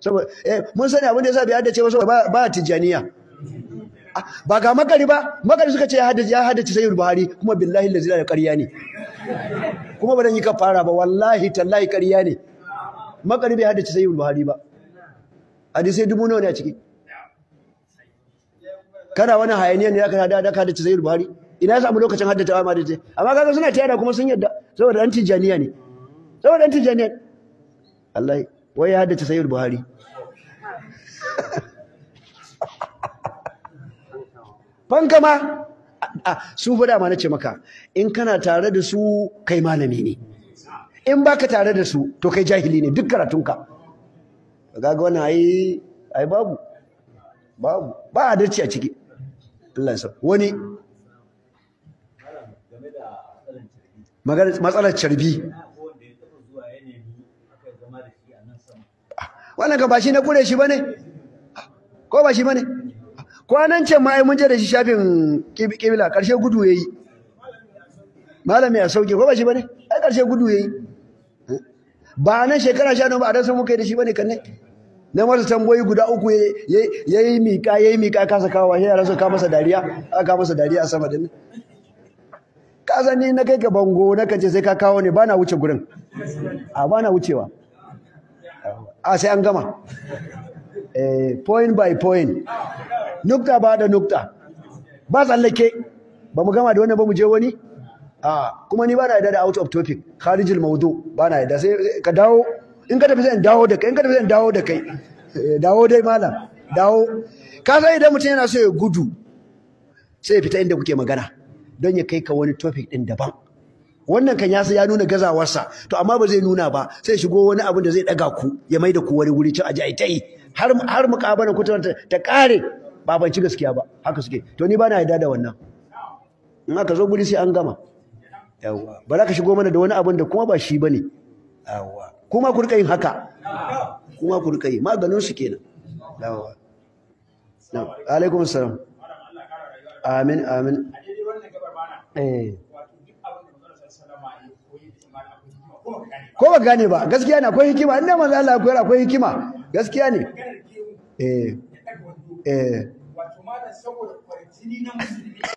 saboda eh mun sani abin da ya sa bai haddace ba saboda ba tijaniya ah, ba ga Magari ba Magari suka ce ya haddace ya haddace buhari kuma billahi lazi da ƙarya ne kuma ba dan yi ka fara ba wallahi tallahi ƙarya ne makari bai haddace sayyid buhari ba Hadisai dubu nawa ne a ciki kana wani hayaniya ne zaka hada ka haddace sayyid buhari ina ya samu lokacin haddace amma da amma kaga suna tiyada kuma sun yadda saboda dan tijaniya ne saboda dan tijaniya Allah wai ya haddace sayyid buhari fanka ma su faɗa ma na ce maka in kana tare da su kai malami ne in baka tare da su to kai jahili ne duk karatunka gaga wannan ai ai babu babu ba dace a ciki wani matsalar carbi wannan ka ba shi na kure shi ba ne? ko ba shi ba ne kwanan can ma ai mun je da shi shafin kibila karshe gudu ya yi. malami a sauke ko ba shi ba ne? ai karshe gudu ya yi. ba nan shekara sha ba a dan san muka yi da shi ba ne kan ne na masa tamboyi guda uku ya yi miƙa ya yi miƙa kasa kawo ya rasu ka masa dariya A ka masa dariya a sama dinnan ka ni na kai ka bango na kace sai ka kawo ne ba na wuce gurin a ba na wucewa a ah, sai an gama eh, point by point nukta ba da nukta ba tsallake ba mu gama da wannan ba mu je wani ah, kuma ni ba na yarda da out of topic kharijil Ma'udu, ba na yarda sai ka dawo in ka tafi sai dawo da kai in ka tafi sai dawo da kai eh, dawo dai malam dawo ka san idan mutum yana so ya gudu sai ya fita inda kuke magana don ya kai ka wani topic din daban wannan kan ya ya nuna gazawarsa to amma ba zai nuna ba sai shigo wani abin da zai daga ku ya maida ku wani wuri cin aji ai tai har har mukabaran ku ta kare ba ban ci gaskiya ba haka suke to ni ba na yarda da wannan in aka zo guri sai an gama yawa ba za ka shigo mana da wani abin da kuma ba shi bane yawa kuma ku rika yin haka kuma ku rika yi maganin su kenan yawa na alaikum assalam amin amin eh ko ba gane ba gaskiya ne akwai hikima inda manzo Allah akwai akwai hikima gaskiya ne eh eh wato ma da saboda kwarjini na musulmi